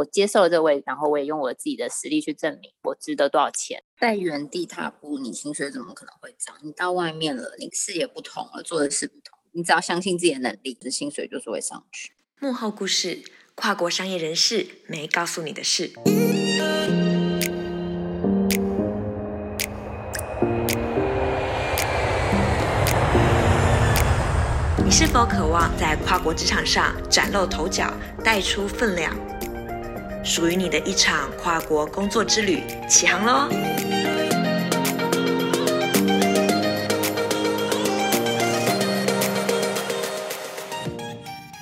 我接受了這位，然後我也用我自己的實力去證明我值得多少錢。在原地踏步，你薪水怎麼可能會漲？你到外面了，你視野不同而做的事不同，你只要相信自己的能力，你的薪水就是會上去。幕後故事：跨國商業人士沒告訴你的事。你是否渴望在跨國職場上嶄露頭角，帶出分量？屬於你的一場跨國工作之旅，起航嘍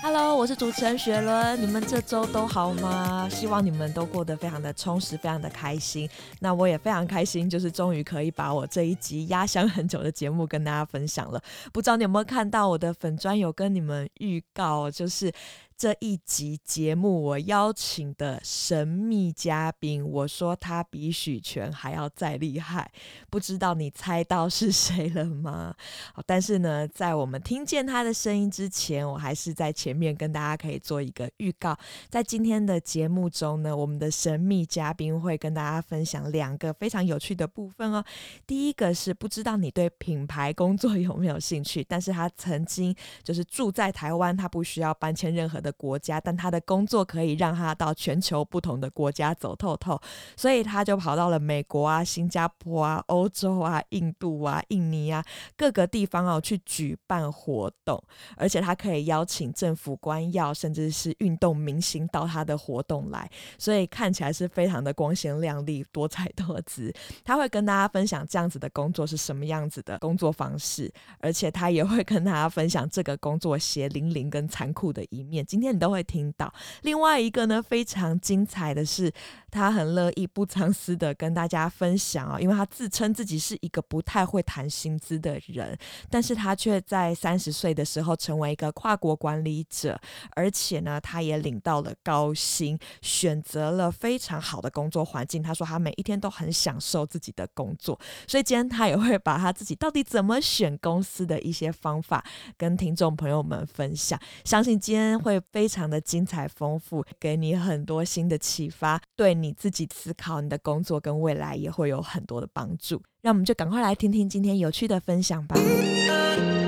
！Hello，我是主持人雪倫，你們這周都好嗎？希望你們都過得非常的充實，非常的開心。那我也非常開心，就是終於可以把我這一集壓箱很久的節目跟大家分享了。不知道你有沒有看到我的粉專有跟你們預告，就是。這一集節目我邀請的神秘嘉賓，我說他比許詮還要再厲害，不知道你猜到是誰了嗎？好，但是呢，在我們聽見他的聲音之前，我還是在前面跟大家可以做一個預告。在今天的節目中呢，我們的神秘嘉賓會跟大家分享兩個非常有趣的部分哦。第一個是不知道你對品牌工作有沒有興趣，但是他曾經就是住在台灣，他不需要搬遷任何的。國家，但他的工作可以讓他到全球不同的國家走透透，所以他就跑到了美國啊、新加坡啊、歐洲啊、印度啊、印尼啊各個地方啊、哦、去舉辦活動，而且他可以邀請政府官要，甚至是運動明星到他的活動來，所以看起來是非常的光鮮亮麗、多彩多姿。他會跟大家分享這樣子的工作是什麼樣子的工作方式，而且他也會跟大家分享這個工作血淋淋跟殘酷的一面。今天你都會聽到。另外一個呢，非常精彩的是，他很樂意不藏私的跟大家分享啊、哦，因為他自稱自己是一個不太會談薪資的人，但是他卻在三十歲的時候成為一個跨國管理者，而且呢，他也領到了高薪，選擇了非常好的工作環境。他說他每一天都很享受自己的工作，所以今天他也會把他自己到底怎麼選公司的一些方法跟聽眾朋友們分享。相信今天會。非常的精彩豐富，給你很多新的啟發，對你自己思考、你的工作跟未來也會有很多的幫助。讓我們就趕快來聽聽今天有趣的分享吧。嗯啊啊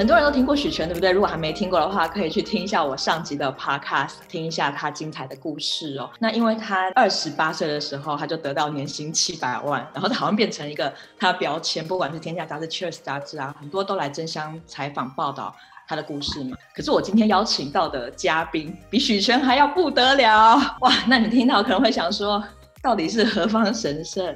很多人都聽過許詮，對不對？如果還沒聽過的話，可以去聽一下我上集的 podcast，聽一下他精彩的故事哦。那因為他二十八歲的時候，他就得到年薪七百萬，然後他好像變成一個，他的標籤，不管是《天下雜誌》、《Cheers》雜誌啊，很多都來爭相採訪報道他的故事嘛。可是我今天邀請到的嘉賓，比許詮還要不得了哇！那你聽到可能會想說，到底是何方神聖？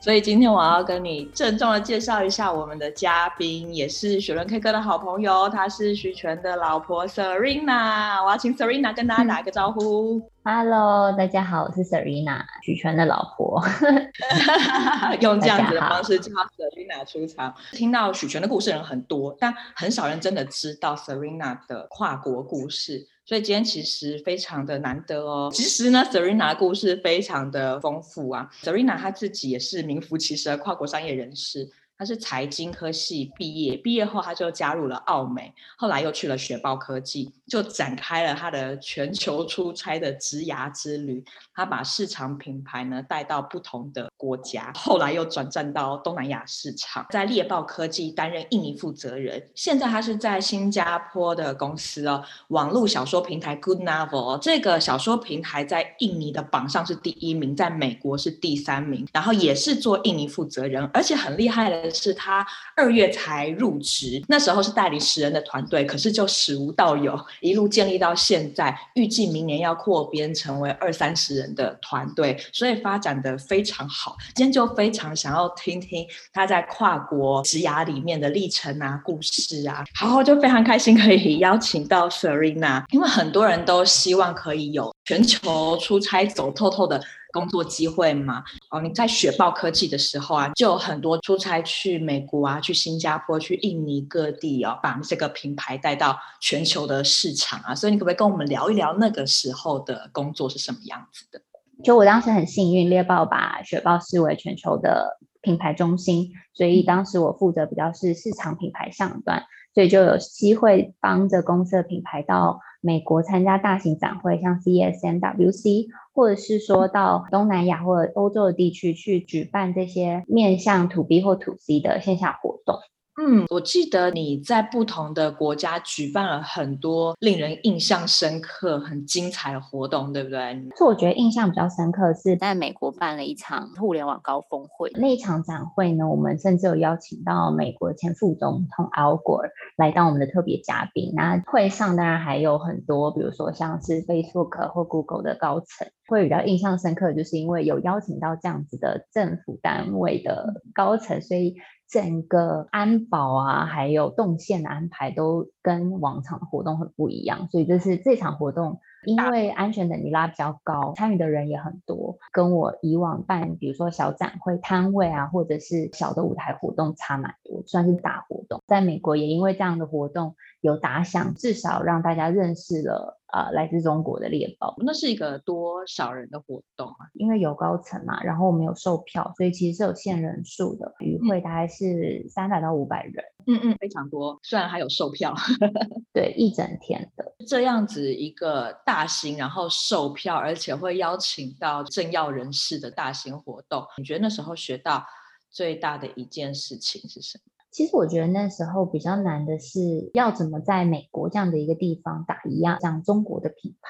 所以今天我要跟你鄭重的介紹一下我們的嘉賓，也是雪倫 K 哥的好朋友，她是許詮的老婆 Serena。我要請 Serena 跟大家打個招呼。嗯。Hello，大家好，我是 Serena 許詮的老婆。 用這樣子的方式叫 Serena 出場。聽到許詮的故事人很多，但很少人真的知道 Serena 的跨國故事。所以今天其實非常的難得哦。其實呢，Serena 的故事非常的豐富啊。Serena 她自己也是名副其實的跨國商業人士。他是財經科系畢業，畢業後他就加入了奧美，後來又去了雪豹科技，就展開了他的全球出差的職涯之旅。他把市場品牌呢帶到不同的國家，後來又轉戰到東南亞市場，在獵豹科技擔任印尼負責人。現在他是在新加坡的公司哦，網絡小說平台 Good Novel 這個小說平台在印尼的榜上是第一名，在美國是第三名，然後也是做印尼負責人，而且很厲害的。是他二月才入職，那時候是代理十人的團隊，可是就從無到有，一路建立到現在，預計明年要擴編成為二三十人的團隊，所以發展得非常好。今天就非常想要聽聽他在跨國職涯裡面的歷程啊、故事啊。然後就非常開心可以邀請到 Serena，因為很多人都希望可以有全球出差走透透的。工作機會嘛？哦，你在雪豹科技的時候啊，就有很多出差去美國啊、去新加坡、去印尼各地哦、啊，把這個品牌帶到全球的市場啊。所以你可不可以跟我們聊一聊那個時候的工作是什麼樣子的？就我當時很幸運，獵豹把雪豹視為全球的品牌中心，所以當時我負責比較是市場品牌上端，所以就有機會幫着公司的品牌到。美國參加大型展會，像 CES、MWC，或者是說到東南亞或者歐洲的地區去舉辦這些面向 To B 或 To C 的線下活動。嗯，我記得你在不同的國家舉辦了很多令人印象深刻、很精彩的活動，對不對？是，我覺得印象比較深刻是在美國辦了一場互聯網高峰會。那一場展會呢，我們甚至有邀請到美國前副總統 Al Gore 來當我們的特別嘉賓。那會上當然還有很多，比如說像是 Facebook 或 Google 的高層。會比較印象深刻，就是因為有邀請到這樣子的政府單位的高層，所以。整個安保啊，還有動線的安排都跟往常的活動很不一樣，所以就是這場活動，因為安全等級拉比較高，參與的人也很多，跟我以往辦，比如說小展會、攤位啊，或者是小的舞台活動差蠻多，算是大活動。在美國也因為這樣的活動有打響，至少讓大家認識了，呃，來自中國的獵豹。那是一個多少人的活動啊？因為有高層嘛，啊，然後我們有售票，所以其實是有限人數的。與會大概是三百到五百人，嗯嗯，嗯，非常多。雖然還有售票， 對，一整天的這樣子一個大型，然後售票，而且會邀請到政要人士的大型活動。你覺得那時候學到最大的一件事情是什麼？其實我覺得那時候比較難的是要怎麼在美國這樣的一個地方打一樣像中國的品牌，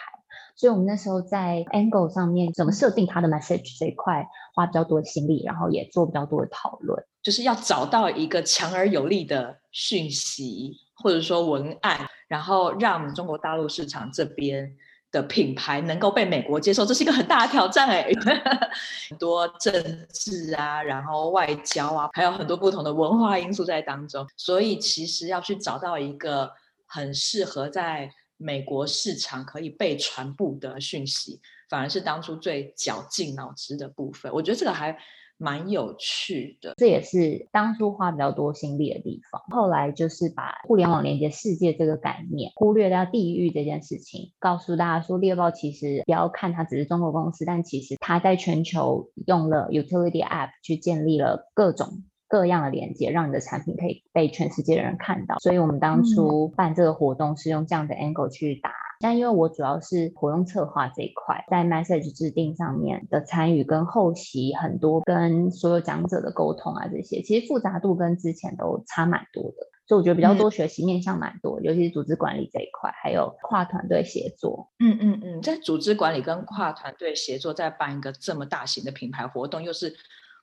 所以我們那時候在 Angle 上面怎麼設定它的 message 這一塊花比較多的心力，然後也做比較多的討論，就是要找到一個強而有力的訊息或者說文案，然後讓中國大陸市場這邊。的品牌能夠被美國接受，這是一個很大的挑戰哎， 很多政治啊，然後外交啊，還有很多不同的文化因素在當中，所以其實要去找到一個很適合在美國市場可以被傳播的訊息，反而是當初最絞盡腦汁的部分。我覺得這個還蠻有趣的，這也是當初花比較多心力的地方。後來就是把互聯網連接世界這個概念，忽略掉地域這件事情，告訴大家說，獵豹其實不要看它只是中國公司，但其實它在全球用了 utility app 去建立了各種各樣的連接，讓你的產品可以被全世界的人看到。所以我們當初辦這個活動是用這樣的 angle 去打。嗯。但因為我主要是活動策劃這一塊，在 message 制定上面的參與，跟後期很多跟所有講者的溝通啊，這些其實複雜度跟之前都差蠻多的，所以我覺得比較多學習面向蠻多，嗯、尤其是組織管理這一塊，還有跨團隊協作。嗯嗯嗯，嗯在組織管理跟跨團隊協作，在辦一個這麼大型的品牌活動，又是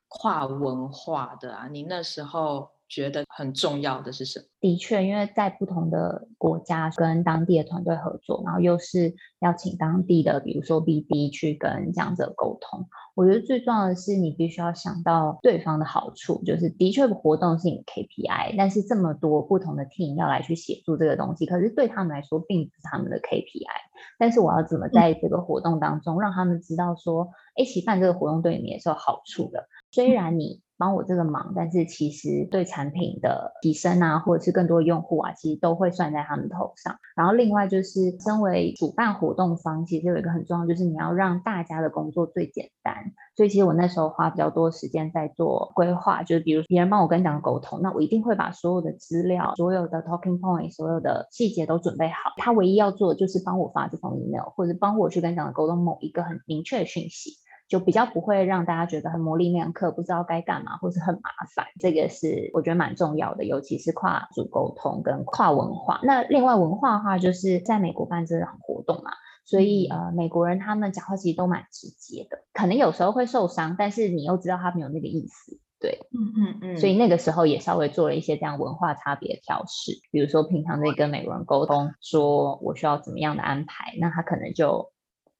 跨文化的啊，你那時候，覺得很重要的是什麼？的確，因為在不同的國家跟當地的團隊合作，然後又是要請當地的，比如說 BD 去跟講者溝通。我覺得最重要的是，你必須要想到對方的好處。就是的確活動是你的 KPI，但是這麼多不同的 team 要來去協助這個東西，可是對他們來說並不是他們的 KPI。但是我要怎麼在這個活動當中、嗯、讓他們知道說，一起辦這個活動對你們也是有好處的。雖然你幫我這個忙，但是其實對產品的提升啊，或者是更多用戶啊，其實都會算在他們頭上。然後另外就是身為主辦活動方，其實有一個很重要，就是你要讓大家的工作最簡單。所以其實我那時候花比較多時間在做規劃，就是比如別人幫我跟你講溝通，那我一定會把所有的資料、所有的 talking point、所有的細節都準備好。他唯一要做的就是幫我發這封 email，或者幫我去跟你講溝通某一個很明確的訊息。就比較不會讓大家覺得很模棱兩可，不知道該幹嘛，或是很麻煩。這個是我覺得蠻重要的，尤其是跨組溝通跟跨文化。嗯、那另外文化的話，就是在美國辦這場活動嘛，所以、嗯、呃，美國人他們講話其實都蠻直接的，可能有時候會受傷，但是你又知道他沒有那個意思，對，嗯嗯嗯。所以那個時候也稍微做了一些這樣文化差別調適，比如說平常在跟美國人溝通，說我需要怎麼樣的安排，那他可能就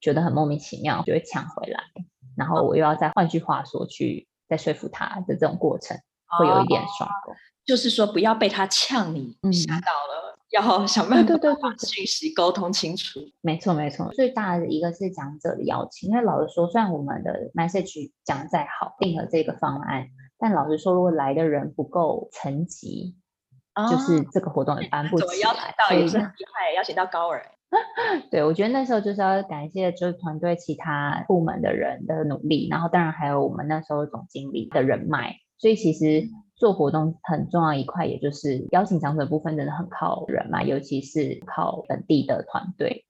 覺得很莫名其妙，就會嗆回來，然後我又要再換句話說去再說服他，的這種過程、哦、會有一點爽。就是說不要被他嗆你，嗯，嚇到了，要、嗯、想辦法跟對方訊息溝通清楚。對對對對對對沒錯沒錯，最大的一個是講者的邀請，因為老實說，雖然我們的 message 講再好，定了這個方案，但老實說，如果來的人不夠層級，哦、就是這個活動也辦不起。所以邀請到也是厲害，邀對請到高人。 對，我覺得那時候就是要感謝就是團隊其他部門的人的努力，然後當然還有我們那時候總經理的人脈，所以其實做活動很重要一塊，也就是邀請長者部分真的很靠人脈，尤其是靠本地的團隊。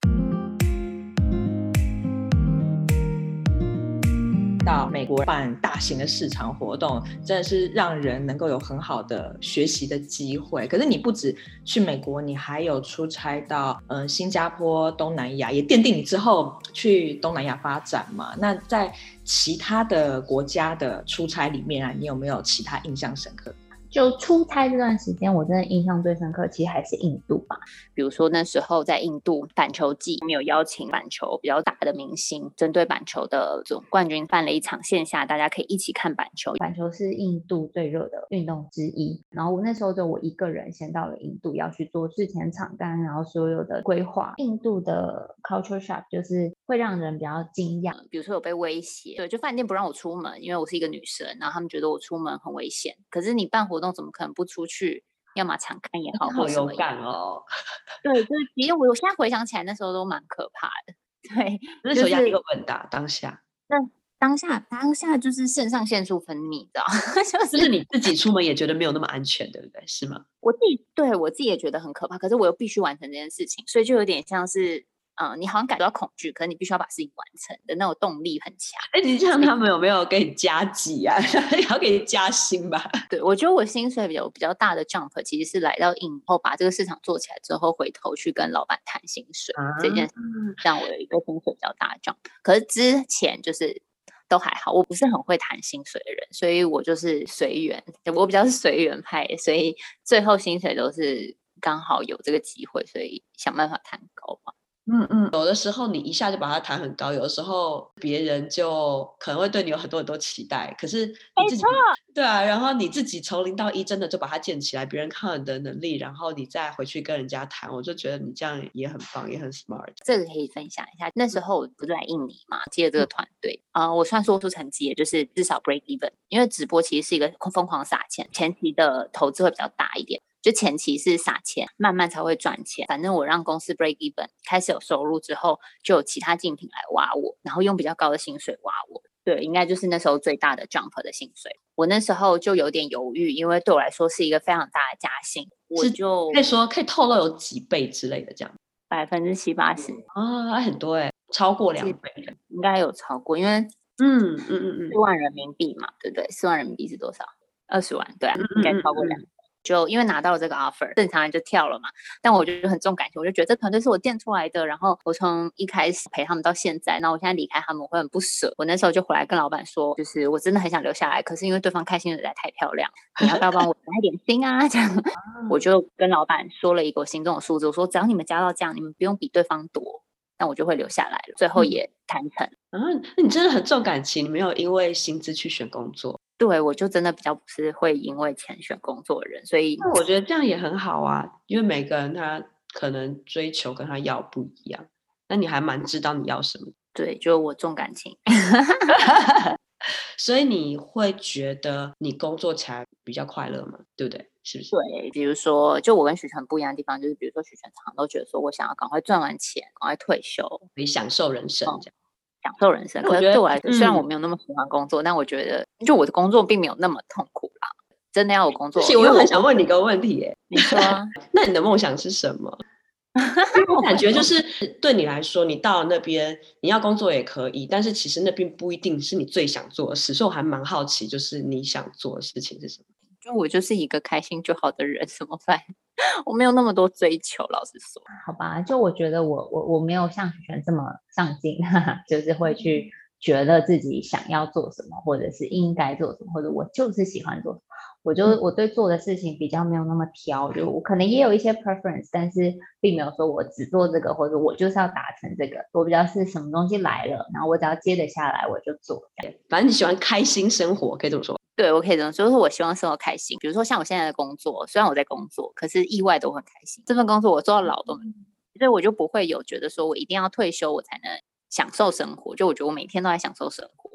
到美國辦大型的市場活動，真的是讓人能夠有很好的學習的機會。可是你不止去美國，你還有出差到嗯、呃、新加坡、東南亞，也奠定你之後去東南亞發展嘛。那在其他的國家的出差裡面啊，你有沒有其他印象深刻？就出差這段時間，我真的印象最深刻，其實還是印度吧。比如說那時候在印度板球季，沒有邀請板球比較大的明星，針對板球的總冠軍辦了一場線下，大家可以一起看板球。板球是印度最熱的運動之一。然後我那時候就我一個人先到了印度，要去做事前場勘，然後所有的規劃。印度的 culture shock 就是。會讓人比較驚訝，比如說有被威脅，對，就飯店不讓我出門，因為我是一個女生，然後他們覺得我出門很危險。可是你辦活動怎麼可能不出去？要嘛場勘也好，好勇敢哦。 對，就是其實我，我現在回想起來，那時候都蠻可怕的。對，那時候要一個穩當當下。那當下當下就是腎上腺素分泌的，就是、就是你自己出門也覺得沒有那麼安全，對不對？是嗎？我自己對我自己也覺得很可怕，可是我又必須完成這件事情，所以就有點像是。嗯，你好像感覺到恐懼，可是你必須要把事情完成的那種動力很強。哎、欸，你像他們有沒有給你加急啊？以 你要給你加薪吧？對我覺得我薪水比較比較大的 jump，其實是來到印尼後把這個市場做起來之後，回頭去跟老闆談薪水、啊、這件事情。這樣我有一個薪水比較大的 jump，、嗯、可是之前就是都還好，我不是很會談薪水的人，所以我就是隨緣，我比較是隨緣派，所以最後薪水都是剛好有這個機會，所以想辦法談高吧。嗯嗯，嗯，有的時候你一下就把它談很高，有的時候別人就可能會對你有很多很多期待，可是你自己沒錯。對啊，然後你自己從零到一真的就把它建起來，別人看了你的能力，然後你再回去跟人家談，我就覺得你這樣也很棒，也很 smart。這個可以分享一下，那時候我不是來印尼嘛，接了這個團隊啊，嗯 uh, 我算說出成績，也就是至少 break even，因為直播其實是一個瘋狂撒錢，前期的投資會比較大一點。就前期是撒錢，慢慢才會賺錢。反正我讓公司 break even，開始有收入之後，就有其他競品來挖我，然後用比較高的薪水挖我。對，應該就是那時候最大的 jump 的薪水。我那時候就有點猶豫，因為對我來說是一個非常大的加薪。我就可以說可以透露有幾倍之類的這樣，百分之七八十啊，很多誒、欸，超過兩倍，應該有超過，因為嗯嗯嗯嗯，四萬人民幣嘛，對不對？四萬人民幣是多少？二十萬，對啊，嗯，應該超過兩倍。就因為拿到了這個 offer，正常人就跳了嘛。但我就很重感情，我就覺得這團隊是我建出來的，然後我從一開始陪他們到現在，然後我現在離開他們我會很不舍。我那時候就回來跟老闆說，就是我真的很想留下來，可是因為對方開心的實在太漂亮，你要不要幫我加點薪啊？ 這樣，我就跟老闆說了一個我心中的數字，我說只要你們加到這樣，你們不用比對方多，那我就會留下來了。最後也談成。那、嗯啊、你真的很重感情，你沒有因為薪資去選工作。對，我就真的比較不是會因為錢選工作的人，所以那我覺得這樣也很好啊，因為每個人他可能追求跟他要不一樣，那你還蠻知道你要什麼。對，就我重感情， 所以你會覺得你工作起來比較快樂嘛？對不對？是不是？對，比如說，就我跟許詮不一樣的地方，就是比如說許詮常都覺得說我想要趕快賺完錢，趕快退休，可以享受人生這樣。嗯享受人生，覺得，可是對我來說，嗯、雖然我沒有那麼喜歡工作，但我覺得就我的工作並沒有那麼痛苦啦。真的要有工作，其實我又很想問你一個問題、欸，哎，你說、啊， 那你的夢想是什麼？ 我感覺就是 對你來說，你到了那邊你要工作也可以，但是其實那並不一定是你最想做的。的事，我還蠻好奇，就是你想做的事情是什麼？就我就是一個開心就好的人，怎麼辦？我沒有那麼多追求，老實說。好吧，就我覺得我我我沒有像許詮這麼上進，哈哈，就是會去覺得自己想要做什麼，或者是應該做什麼，或者我就是喜歡做什麼。我就我對做的事情比較沒有那麼挑，就我可能也有一些 preference，但是並沒有說我只做這個，或者我就是要達成這個。我比較是什麼東西來了，然後我只要接得下來我就做。對。反正你喜歡開心生活，可以這麼說。對，我可以這樣說，就是我希望生活開心。比如說，像我現在的工作，雖然我在工作，可是意外都很開心。這份工作我做到老，都、嗯、所以我就不會有覺得說我一定要退休我才能享受生活。就我覺得我每天都在享受生活。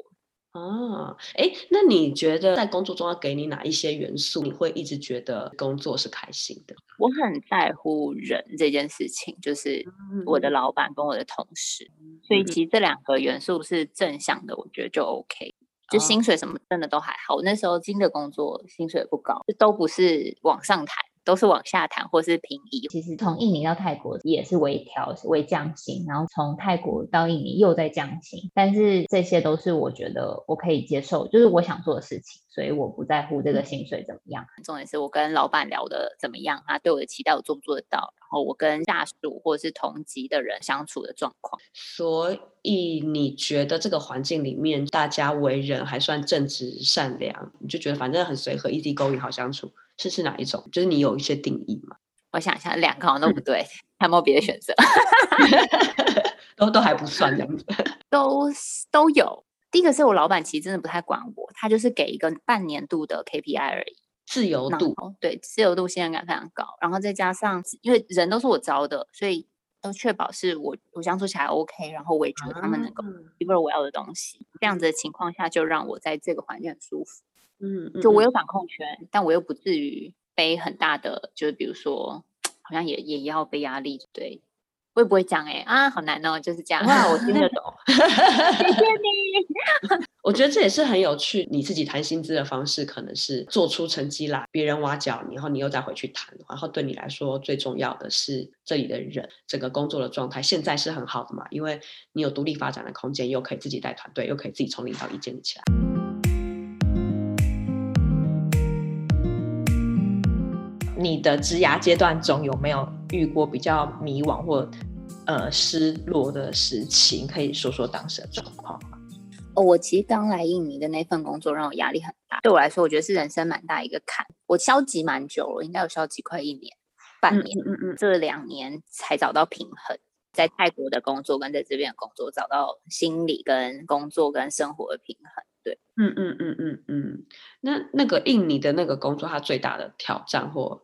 哦、啊，哎，那你覺得在工作中要給你哪一些元素，你會一直覺得工作是開心的？我很在乎人這件事情，就是我的老板跟我的同事，嗯、所以其實這兩個元素是正向的，我覺得就 OK。就薪水什麼真的都還好，我那時候進的工作薪水不高，就都不是往上抬。都是往下談，或是平移。其實從印尼到泰國也是微調、微降薪，然後從泰國到印尼又在降薪。但是這些都是我覺得我可以接受，就是我想做的事情，所以我不在乎這個薪水怎麼樣。嗯、重點是我跟老板聊得怎麼樣，他對我的期待我做不做得到，然後我跟下屬或者是同級的人相處的狀況。所以你覺得這個環境裡面大家為人還算正直善良，你就覺得反正很隨和，easy going 好相處。這是哪一種？就是你有一些定義嗎？我想一下，兩個好像都不對，嗯、還有沒有別的選擇？ 都都還不算這樣子，都都有。第一個是我老板，其實真的不太管我，他就是給一個半年度的 KPI 而已自，自由度對自由度，信任感非常高。然後再加上，因為人都是我招的，所以都確保是我我相處起來 OK，然後我也覺得他們能夠 deliver 我要的東西。啊、這樣子的情況下，就讓我在這個環境很舒服。嗯，就我有掌控權，嗯嗯，但我又不至於背很大的，就是比如說，好像也也要背壓力，對？我也不會講哎、欸、啊，好難哦，喔，就是這樣。哇，我聽得懂， 謝謝你。 我覺得這也是很有趣，你自己談薪資的方式可能是做出成績來，別人挖角，然後你又再回去談，然後對你來說最重要的是這裡的人，整個工作的狀態現在是很好的嘛，因為你有獨立發展的空間，又可以自己帶團隊，又可以自己從零到一建立起來。你的職涯階段中有沒有遇過比較迷惘或呃失落的事情？可以說說當時的狀況嗎？哦，我其實剛來印尼的那份工作讓我壓力很大，對我來說，我覺得是人生蠻大一個坎。我消極蠻久了，應該有消極快一年、半年。嗯嗯，嗯，嗯。這兩年才找到平衡，在泰國的工作跟在這邊的工作找到心理跟工作跟生活的平衡。對，嗯嗯嗯嗯嗯。那那個印尼的那個工作，它最大的挑戰或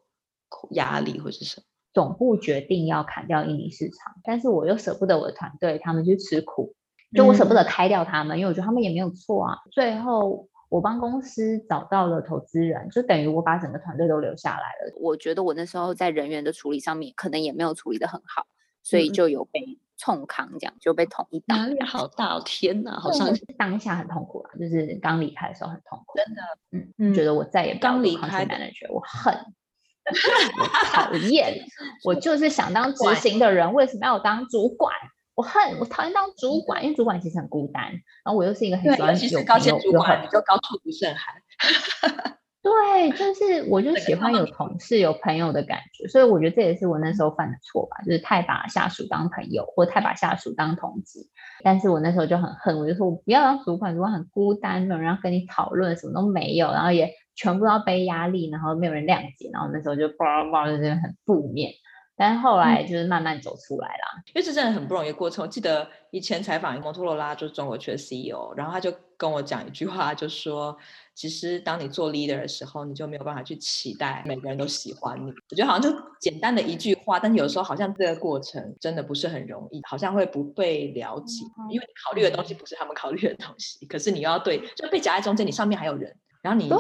壓力或是什麼，總部決定要砍掉印尼市場，但是我又捨不得我的團隊，他們去吃苦，就我捨不得開掉他們，嗯、因為我覺得他們也沒有錯啊。最後我幫公司找到了投資人，就等於我把整個團隊都留下來了。我覺得我那時候在人員的處理上面，可能也沒有處理得很好，嗯、所以就有被沖康，這樣就被捅一刀。壓力好大、哦，天哪！好像是當下很痛苦，啊，就是剛離開的時候很痛苦。真的，嗯，嗯離覺得我再也不想離開，我恨。 我討厭，我就是想當執行的人，為什麼要我當主管？我恨，我討厭當主管，因為主管其實很孤單。然後我又是一個很喜歡有朋友，比較高處不勝寒。 對，就是我就喜歡有同事、有朋友的感覺，所以我覺得這也是我那時候犯的錯吧，就是太把下屬當朋友，或太把下屬當同志。但是我那時候就很恨，我就說，我不要當主管，如果很孤單的，然後跟你討論什麼都沒有，然後也。全部要背壓力，然後沒有人諒解，然後那時候就叭叭就是很負面。但是後來就是慢慢走出來了，嗯，因為這真的很不容易的過程。我記得以前採訪摩托羅拉做中國區的 CEO，然後他就跟我講一句話，就說其實當你做 leader 的時候，你就沒有辦法去期待每個人都喜歡你。我覺得好像就簡單的一句話，但有時候好像這個過程真的不是很容易，好像會不被了解，嗯、因為你考慮的東西不是他們考慮的東西，可是你要對，就被夾在中間，你上面還有人，然後你對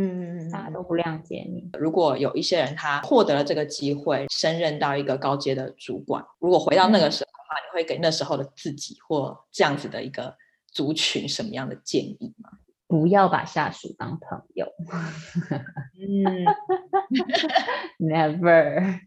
嗯，大家都不諒解你。如果有一些人他獲得了這個機會，升任到一個高階的主管，如果回到那個時候的話，嗯、你會給那時候的自己或這樣子的一個族群什麼樣的建議嗎？不要把下屬當朋友。Never，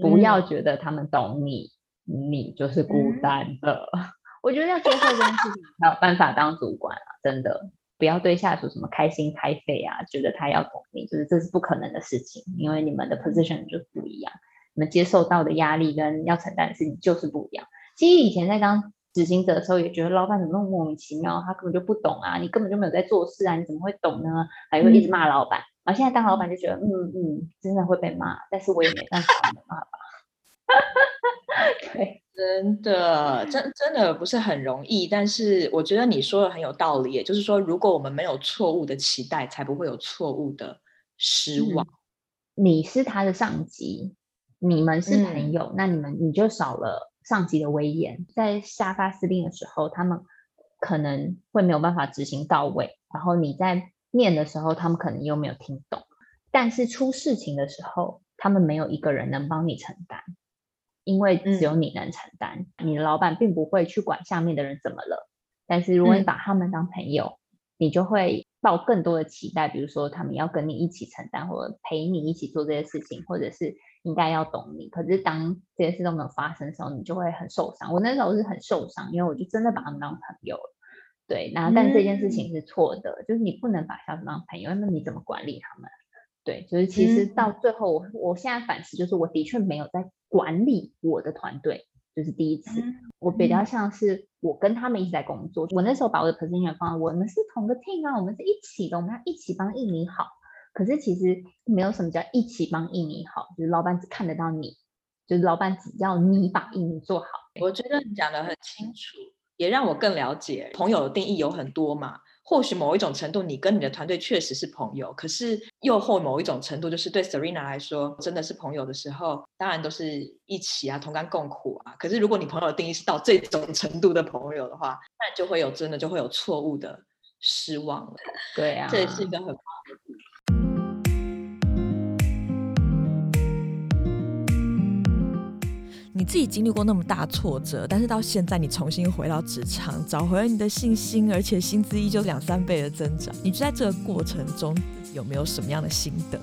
不要覺得他們懂你，你就是孤單的。嗯、 我覺得要做這件事情，才有辦法當主管啊，真的。不要對下屬什麼開心太費啊，覺得他要懂你，就是這是不可能的事情，因為你們的 position 就不一樣，你們接受到的壓力跟要承擔的事情就是不一樣。其實以前在當執行者的時候，也覺得老板怎麼那麼莫名其妙，他根本就不懂啊，你根本就沒有在做事啊，你怎麼會懂呢？還會一直罵老板。啊、嗯，然後現在當老板就覺得，嗯嗯，真的會被罵，但是我也沒辦法罵，沒辦法。對。真的，真真的不是很容易。但是我覺得你說的很有道理，也就是說，如果我們沒有錯誤的期待，才不會有錯誤的失望。嗯、你是他的上級，你們是朋友，嗯、那你們你就少了上級的威嚴。在下發司令的時候，他們可能會沒有辦法執行到位，然後你在念的時候，他們可能又沒有聽懂。但是出事情的時候，他們沒有一個人能幫你承擔。因為只有你能承擔，嗯、你的老闆並不會去管下面的人怎麼了。但是如果你把他們當朋友，嗯、你就會抱更多的期待，比如說他們要跟你一起承擔，或者陪你一起做這些事情，或者是應該要懂你。可是當這些事都沒有發生的時候，你就會很受傷。我那時候是很受傷，因為我就真的把他們當朋友了。對，那、嗯、但這件事情是錯的，就是你不能把他們當朋友，那你怎麼管理他們？對，就是其實到最後，我、嗯、我現在反思，就是我的確沒有在。管理我的團隊就是第一次，嗯、我比較像是我跟他們一起在工作。嗯、我那時候把我的 position 放，我們是同個 team 啊，我們是一起的，我們要一起幫印尼好。可是其實沒有什麼叫一起幫印尼好，就是老板只看得到你，就是老板只要你把印尼做好。我覺得你講的很清楚，也讓我更了解朋友的定義有很多嘛。或許某一種程度，你跟你的團隊確實是朋友，可是又或某一種程度，就是對 Serena 來說真的是朋友的時候，當然都是一起啊，同甘共苦啊。可是如果你朋友的定義是到這種程度的朋友的話，那就會有真的就會有錯誤的失望了。嗯、對啊，這也是一個很。你自己經歷過那麼大挫折，但是到現在你重新回到職場，找回了你的信心，而且薪資依舊兩三倍的增長，你在這個過程中有沒有什麼樣的心得？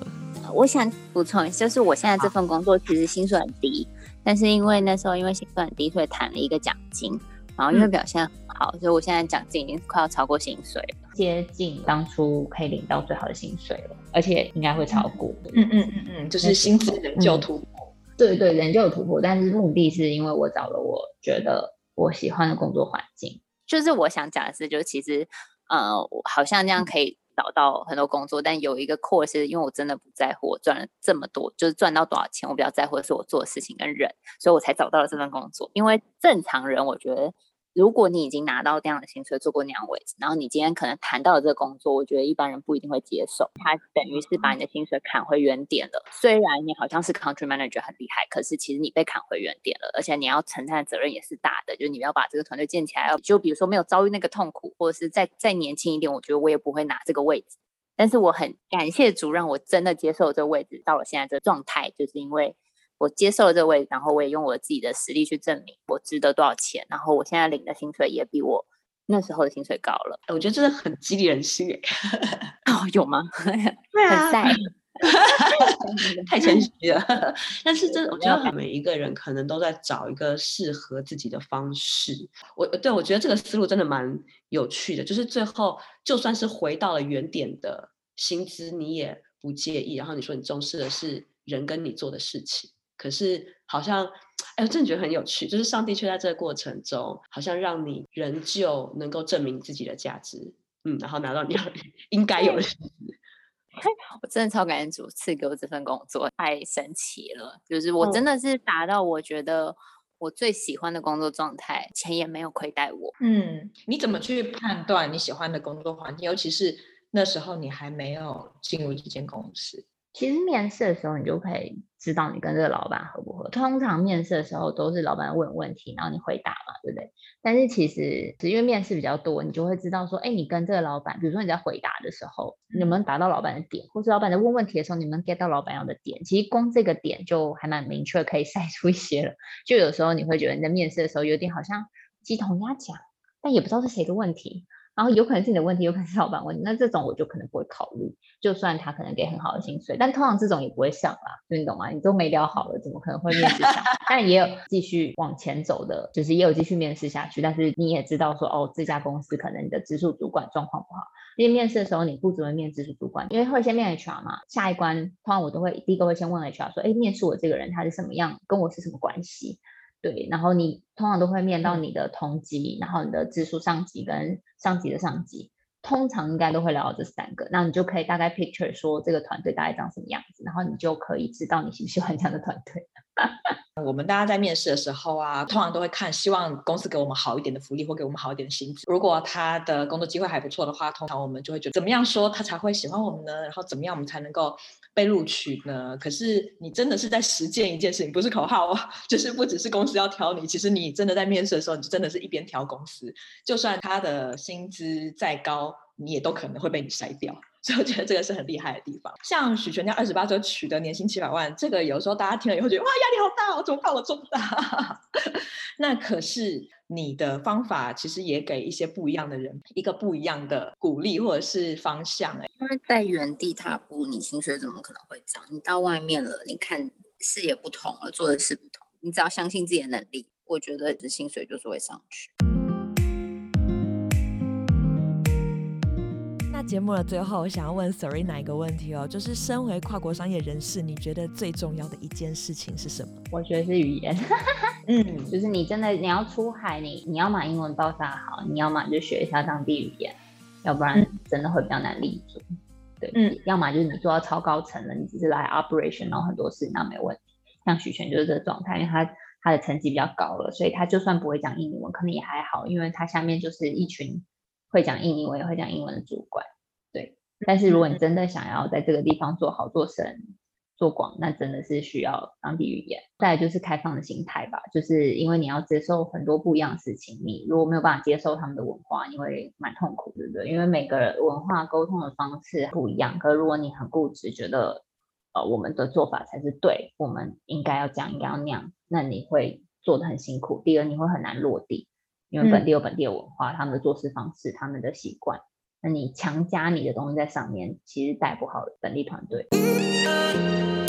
我想補充，就是我現在這份工作其實薪水很低，好但是因為那時候因為薪水很低，所以談了一個獎金，然後因為表現很好，嗯、所以我現在獎金已經快要超過薪水了，接近當初可以領到最好的薪水了，而且應該會超過。嗯，對嗯嗯嗯嗯，就是薪資的就突。嗯對對，人就有突破，但是目的是因為我找了我覺得我喜歡的工作環境。就是我想講的是，就其實，呃，我好像這樣可以找到很多工作，但有一個 core 是因為我真的不在乎我賺了這麼多，就是賺到多少錢，我比較在乎的是我做的事情跟人，所以我才找到了這份工作。因為正常人，我覺得。如果你已經拿到這樣的薪水，做過那樣位置，然後你今天可能談到了這個工作，我覺得一般人不一定會接受。他等於是把你的薪水砍回原點了。雖然你好像是 country manager 很厲害，可是其實你被砍回原點了，而且你要承擔的責任也是大的。就是你要把這個團隊建起來，就比如說沒有遭遇那個痛苦，或者是再再年輕一點，我覺得我也不會拿這個位置。但是我很感謝主任，我真的接受的這個位置，到了現在的狀態，就是因為。我接受了這位置，然後我也用我自己的實力去證明我值得多少錢。然後我現在領的薪水也比我那時候的薪水高了。我覺得真的很激勵人心。欸， 哦，有嗎？很帥，太謙虛了。 但是真的我覺得我每一個人可能都在找一個適合自己的方式。我對我覺得這個思路真的蠻有趣的，就是最後就算是回到了原點的薪資你也不介意，然後你說你重視的是人跟你做的事情。可是好像，哎、欸，我真的覺得很有趣。就是上帝卻在這個過程中，好像讓你仍舊能夠證明自己的價值，嗯，然後拿到你要應該有的。我真的超感恩主賜給我這份工作，太神奇了！就是我真的是達到我覺得我最喜歡的工作狀態，錢也沒有虧待我。嗯，你怎麼去判斷你喜歡的工作環境？尤其是那時候你還沒有進入這間公司。其實面試的時候，你就可以知道你跟這個老闆合不合。通常面試的時候都是老闆問問題，然後你回答嘛，對不對？但是其實因為面試比較多，你就會知道說，哎，你跟這個老闆，比如說你在回答的時候，你能不能答到老闆的點，或是老闆在問問題的時候，你能 get 到老闆要的點。其實光這個點就還蠻明確，可以篩出一些了。就有時候你會覺得你在面試的時候有點好像雞同鴨講，但也不知道是誰的問題。然後有可能是你的問題，有可能是老板問題。那這種我就可能不會考慮，就算他可能給很好的薪水，但通常這種也不會想啦，你懂嗎？你都沒聊好了，怎麼可能會面試下？ 但也有繼續往前走的，就是也有繼續面試下去。但是你也知道說，哦，這家公司可能你的直屬主管狀況不好，因為面試的時候你不只會面直屬主管，因為會先面 HR 嘛。下一關通常我都會第一個會先問 HR 說，誒，面試我這個人他是什麼樣，跟我是什麼關係？對，然後你通常都會面到你的同級，嗯、然後你的直屬上級跟上級的上級，通常應該都會聊到這三個，那你就可以大概 picture 說這個團隊大概長什麼樣子，然後你就可以知道你喜不喜歡這樣的團隊、 嗯。我們大家在面試的時候啊，通常都會看希望公司給我們好一點的福利或給我們好一點的薪資。如果他的工作機會還不錯的話，通常我們就會覺得怎麼樣說他才會喜歡我們呢？然後怎麼樣我們才能夠被錄取呢？可是你真的是在實踐一件事情，你不是口號哦，就是不只是公司要挑你，其實你真的在面試的時候，你真的是一邊挑公司，就算他的薪資再高，你也都可能會被你篩掉。所以我覺得這個是很厲害的地方。像許詮二十八歲取得年薪七百萬，這個有時候大家聽了以後覺得哇，壓力好大哦，怎麼大，我做不到？ 那可是。你的方法其實也給一些不一樣的人一個不一樣的鼓勵或者是方向，欸，因為在原地踏步，你薪水怎麼可能會漲？你到外面了，你看視野不同而做的事不同，你只要相信自己的能力，我覺得你的薪水就是會上去。節目的最後，我想要問 Serena 哪一個問題哦，就是身為跨國商業人士，你覺得最重要的一件事情是什麼？我覺得是語言。 嗯，就是你真的你要出海，你你要嘛英文包紮好，你要嘛就學一下當地語言，要不然真的會比較難立足。對，嗯，要麼就是你做到超高層了，你只是來 operation，然後很多事情，那沒問題。像許詮就是這個狀態，因為他他的成績比較高了，所以他就算不會講印尼文，可能也還好，因為他下面就是一群會講印尼文，也會講英文的主管。但是如果你真的想要在這個地方做好、做深、做廣，那真的是需要當地語言。再來就是開放的心態吧，就是因為你要接受很多不一樣的事情，你如果沒有辦法接受他們的文化，你會蠻痛苦，對不對？因為每個人文化溝通的方式不一樣。可是如果你很固執，覺得呃我們的做法才是對，我們應該要這樣應該要那樣，那你會做的很辛苦。第二，你會很難落地，因為本地有本地的文化，他們的做事方式，他們的習慣。你強加你的東西在上面，其實帶不好本地團隊。嗯嗯。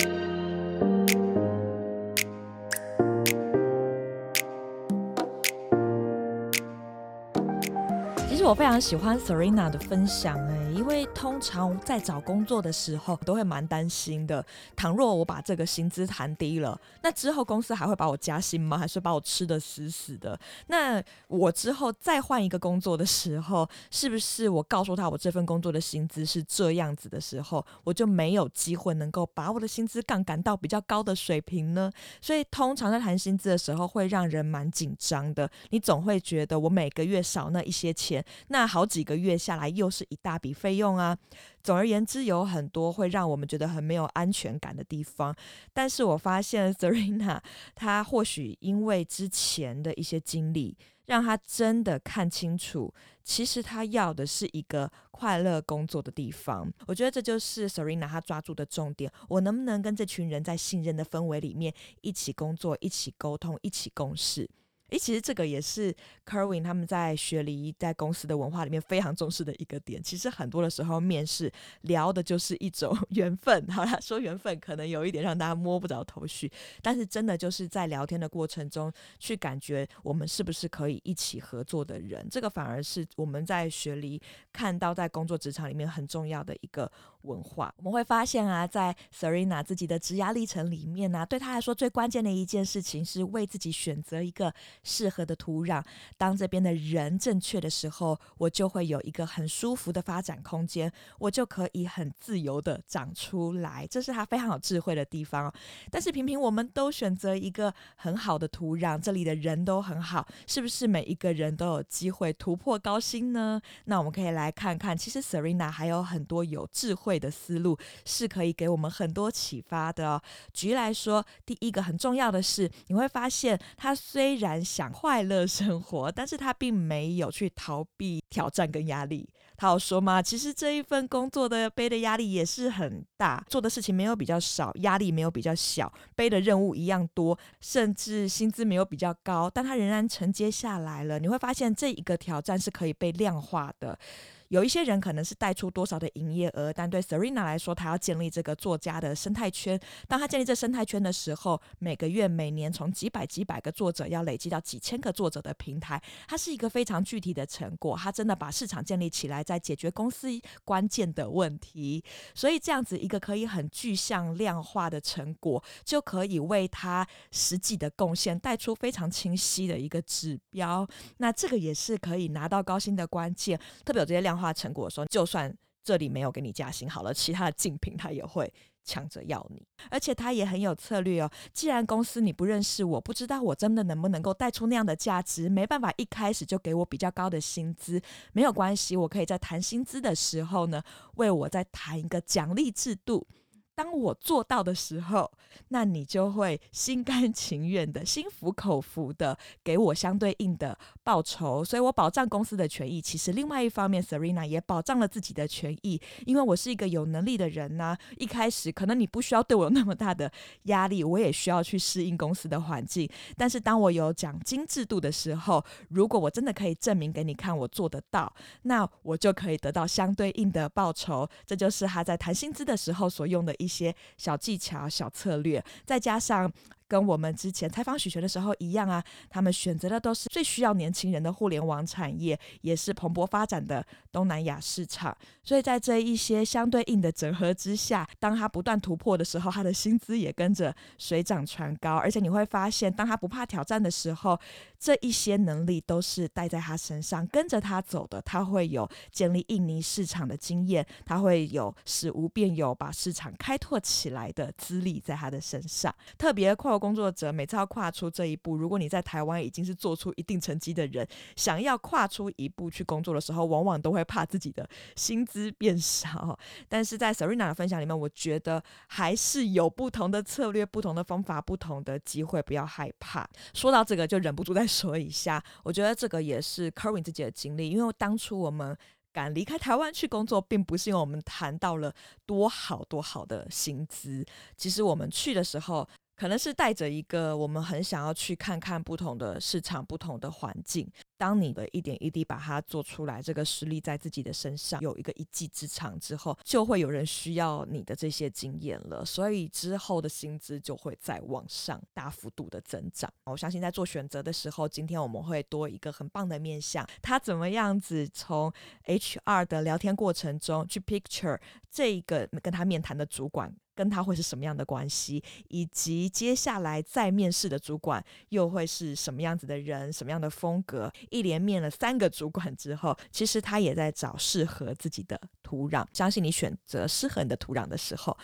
我非常喜歡 Serena 的分享哎，欸，因為通常在找工作的時候都會蠻擔心的。倘若我把這個薪資談低了，那之後公司還會把我加薪嗎？還是把我吃得死死的？那我之後再換一個工作的時候，是不是我告訴他我這份工作的薪資是這樣子的時候，我就沒有機會能夠把我的薪資槓桿到比較高的水平呢？所以通常在談薪資的時候會讓人蠻緊張的。你總會覺得我每個月少那一些錢。那好幾個月下來，又是一大筆費用啊。總而言之，有很多會讓我們覺得很沒有安全感的地方。但是我發現 Serena，她或許因為之前的一些經歷，讓她真的看清楚，其實她要的是一個快樂工作的地方。我覺得這就是 Serena 她抓住的重點。我能不能跟這群人在信任的氛圍裡面一起工作、一起溝通、一起共事？誒，其實這個也是 Kerwin 他們在雪梨，在公司的文化裡面非常重視的一個點。其實很多的時候，面試聊的就是一種緣分。好啦，說緣分可能有一點讓大家摸不着頭緒，但是真的就是在聊天的過程中去感覺我們是不是可以一起合作的人，這個反而是我們在雪梨看到在工作職場裡面很重要的一個。文化，我們會發現啊，在 Serena 自己的職涯歷程裡面呢、啊，對她來說最關鍵的一件事情是為自己選擇一個適合的土壤。當這邊的人正確的時候，我就會有一個很舒服的發展空間，我就可以很自由的長出來。這是她非常有智慧的地方、哦。但是平平，我們都選擇一個很好的土壤，這裡的人都很好，是不是每一個人都有機會突破高薪呢？那我們可以來看看，其實 Serena 還有很多有智慧的思路是可以給我們很多啟發的哦。舉例來說，第一個很重要的是，你會發現他雖然想快樂生活，但是他並沒有去逃避挑戰跟壓力。他有說嘛，其實這一份工作的背的壓力也是很大，做的事情沒有比較少，壓力沒有比較小，背的任務一樣多，甚至薪資沒有比較高，但他仍然承接下來了。你會發現，這一個挑戰是可以被量化的。有一些人可能是帶出多少的營業額，但對 Serena 來說，她要建立這個作家的生態圈。當她建立這生態圈的時候，每個月、每年從幾百幾百個作者要累積到幾千個作者的平台，它是一個非常具體的成果。它真的把市場建立起來，在解決公司關鍵的問題。所以這樣子一個可以很具象量化的成果，就可以為他實際的貢獻帶出非常清晰的一個指標。那這個也是可以拿到高薪的關鍵，特別有這些量化成果說，就算這裡沒有給你加薪，好了，其他的競品他也會搶着要你，而且他也很有策略哦。既然公司你不認識我，不知道我真的能不能夠帶出那樣的價值，沒辦法，一開始就給我比較高的薪資，沒有關係，我可以在談薪資的時候呢，為我再談一個獎勵制度。當我做到的時候，那你就會心甘情願的、心服口服的給我相對應的報酬。所以我保障公司的權益，其實另外一方面，Serena 也保障了自己的權益，因為我是一個有能力的人呢、啊，一開始可能你不需要對我有那麼大的壓力，我也需要去適應公司的環境。但是當我有獎金制度的時候，如果我真的可以證明給你看我做得到，那我就可以得到相對應的報酬。這就是他在談薪資的時候所用的一。一些小技巧、小策略，再加上，跟我們之前採訪許詮的時候一樣啊，他們選擇的都是最需要年輕人的互聯網產業，也是蓬勃發展的東南亞市場。所以在這一些相對應的整合之下，當他不斷突破的時候，他的薪資也跟着水漲船高。而且你會發現，當他不怕挑戰的時候，這一些能力都是帶在他身上，跟着他走的。他會有建立印尼市場的經驗，他會有使無變有把市場開拓起來的資歷在他的身上，特別快。工作者每次要跨出這一步，如果你在台灣已經是做出一定成績的人，想要跨出一步去工作的時候，往往都會怕自己的薪資變少。但是在 Serena 的分享裡面，我覺得還是有不同的策略、不同的方法、不同的機會，不要害怕。說到這個，就忍不住再說一下，我覺得這個也是 Kerwin 自己的經歷，因為當初我們敢離開台灣去工作，並不是因為我們談到了多好多好的薪資，其實我們去的時候。可能是帶着一個我們很想要去看看不同的市場、不同的環境。當你的一點一滴把它做出來，這個實力在自己的身上有一個一技之長之後，就會有人需要你的這些經驗了。所以之後的薪資就會再往上大幅度的增長。我相信在做選擇的時候，今天我們會多一個很棒的面向。他怎麼樣子從 HR 的聊天過程中去 picture 這個跟他面談的主管，跟他會是什麼樣的關係，以及接下來再面試的主管又會是什麼樣子的人、什麼樣的風格？一連面了三個主管之後，其實他也在找適合自己的土壤。相信你選擇適合你的土壤的時候。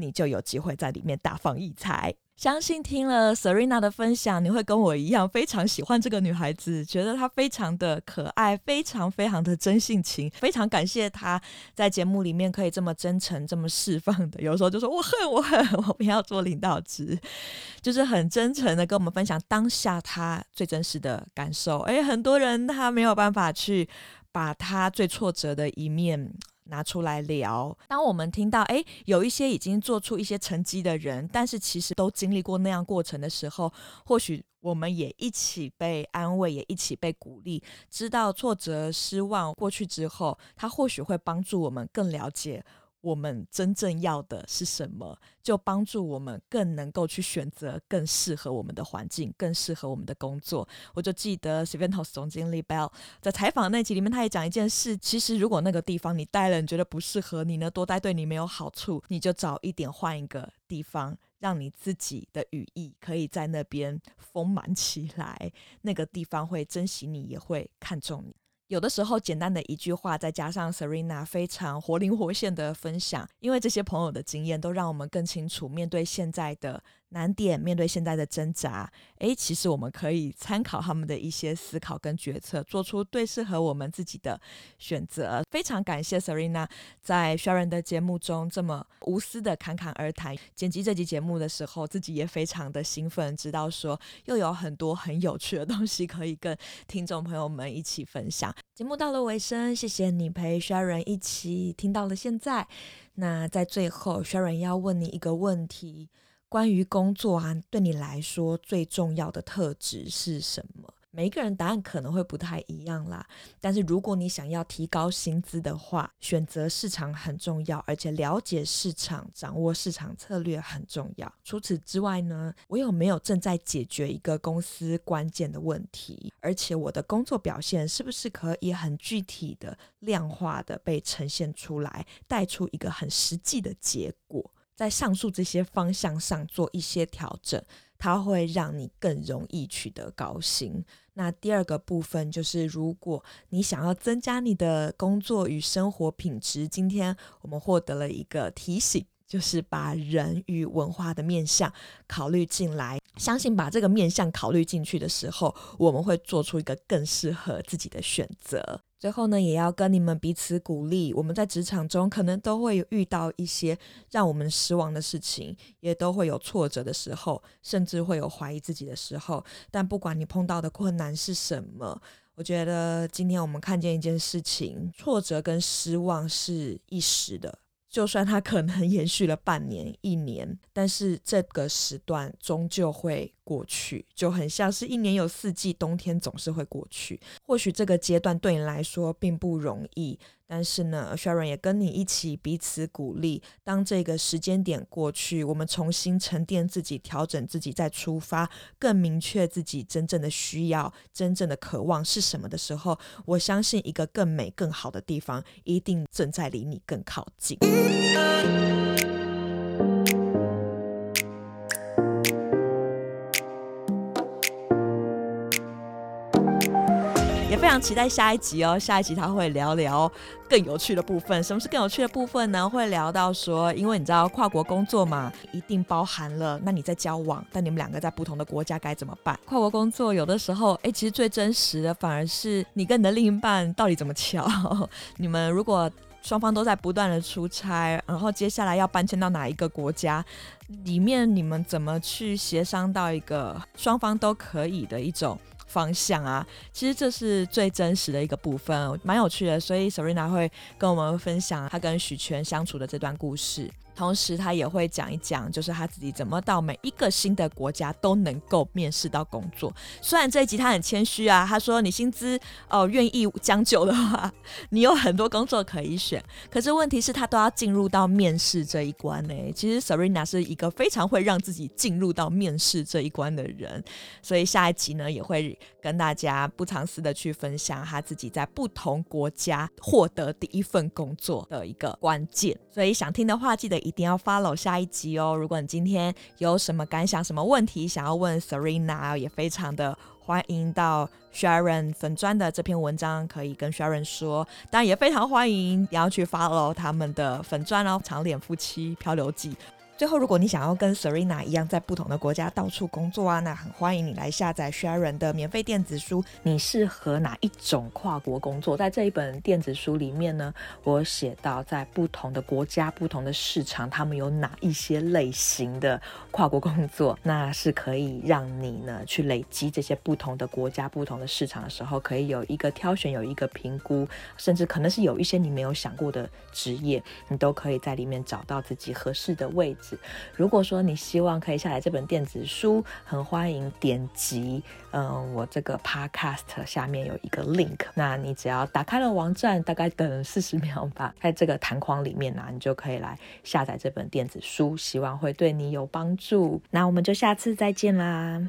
你就有機會在裡面大放異彩。相信聽了 Serena 的分享，你會跟我一樣非常喜歡這個女孩子，覺得她非常的可愛，非常非常的真性情。非常感謝她在節目裡面可以這麼真誠、這麼釋放的。有時候就說：“我恨，我恨，我不要做領導職。”就是很真誠的跟我們分享當下她最真實的感受。哎，很多人他沒有辦法去把她最挫折的一面。拿出來聊。當我們聽到，哎，有一些已經做出一些成績的人，但是其實都經歷過那樣過程的時候，或許我們也一起被安慰，也一起被鼓勵，知道挫折、失望過去之後，他或許會幫助我們更了解，我們真正要的是什麼？就幫助我們更能夠去選擇更適合我們的環境，更適合我們的工作。我就記得 Sivantos 總經理 Bell 在採訪的那集裡面，他也講一件事：其實如果那個地方你待了，你覺得不適合你呢，多待對你沒有好處，你就早一點換一個地方，讓你自己的羽翼可以在那邊豐滿起來。那個地方會珍惜你，也會看重你。有的時候，簡單的一句話，再加上 Serena 非常活靈活現的分享，因為這些朋友的經驗都讓我們更清楚面對現在的難點面對現在的掙扎，誒，其實我們可以參考他們的一些思考跟決策，做出最適合我們自己的選擇。非常感謝 Serena 在 Sharon 的節目中這麼無私的侃侃而談。剪輯這集節目的時候，自己也非常的興奮，知道說又有很多很有趣的東西可以跟聽眾朋友們一起分享。節目到了尾聲，謝謝你陪 Sharon 一起聽到了現在。那在最後，Sharon 要問你一個問題。關於工作啊，對你來說最重要的特質是什麼？每一個人答案可能會不太一樣啦。但是如果你想要提高薪資的話，選擇市場很重要，而且了解市場、掌握市場策略很重要。除此之外呢，我有沒有正在解決一個公司關鍵的問題？而且我的工作表現是不是可以很具體的、量化的被呈現出來，帶出一個很實際的結果？在上述這些方向上做一些調整，它會讓你更容易取得高薪。那第二個部分就是，如果你想要增加你的工作與生活品質，今天我們獲得了一個提醒，就是把人與文化的面向考慮進來。相信把這個面向考慮進去的時候，我們會做出一個更適合自己的選擇。最後呢，也要跟你們彼此鼓勵。我們在職場中可能都會遇到一些讓我們失望的事情，也都會有挫折的時候，甚至會有懷疑自己的時候。但不管你碰到的困難是什麼，我覺得今天我們看見一件事情，挫折跟失望是一時的。就算它可能延續了半年、一年，但是這個時段終究會過去，就很像是，一年有四季，冬天總是會過去。或許這個階段對你來說並不容易。但是呢，Sharon 也跟你一起彼此鼓勵。當這個時間點過去，我們重新沉澱自己、調整自己，再出發，更明確自己真正的需要、真正的渴望是什麼的時候，我相信一個更美、更好的地方一定正在離你更靠近。嗯嗯也非常期待下一集哦，下一集他會聊聊更有趣的部分。什麼是更有趣的部分呢？會聊到說，因為你知道跨國工作嘛，一定包含了那，你在交往，但你們兩個在不同的國家該怎麼辦？跨國工作有的時候，哎，其實最真實的反而是你跟你的另一半到底怎麼喬。你們如果雙方都在不斷的出差，然後接下來要搬遷到哪一個國家，裡面你們怎麼去協商到一個雙方都可以的一種？方向啊，其實這是最真實的一個部分，蠻有趣的。所以 Serena 會跟我們分享她跟許詮相處的這段故事。同時，他也會講一講，就是他自己怎麼到每一個新的國家都能夠面試到工作。雖然這一集他很謙虛啊，他說：“你薪資哦，呃，願意將就的話，你有很多工作可以選。”可是問題是他都要進入到面試這一關呢、欸。其實 Serena 是一個非常會讓自己進入到面試這一關的人，所以下一集呢也會跟大家不藏私的去分享他自己在不同國家獲得第一份工作的一個關鍵。所以想聽的話，記得。一定要 follow 下一集哦！如果你今天有什麼感想、什麼問題想要問 Serena，也非常的歡迎到 Sharon 粉專的這篇文章，可以跟 Sharon 說。當然，也非常歡迎你要去 follow 他們的粉專哦，《長臉夫妻漂流記》。最後，如果你想要跟 Serena 一樣在不同的國家到處工作啊，那很歡迎你來下載 Sharon 的免費電子書。你適合哪一種跨國工作？在這一本電子書裡面呢，我寫到在不同的國家、不同的市場，他們有哪一些類型的跨國工作，那是可以讓你呢去累積這些不同的國家、不同的市場的時候，可以有一個挑選、有一個評估，甚至可能是有一些你沒有想過的職業，你都可以在裡面找到自己合適的位置。如果說你希望可以下載這本電子書，很歡迎點擊，嗯，我這個 podcast 下面有一個 link，那你只要打開了網站，大概等四十秒吧，在這個彈框裡面呢、啊，你就可以來下載這本電子書，希望會對你有幫助。那我們就下次再見啦。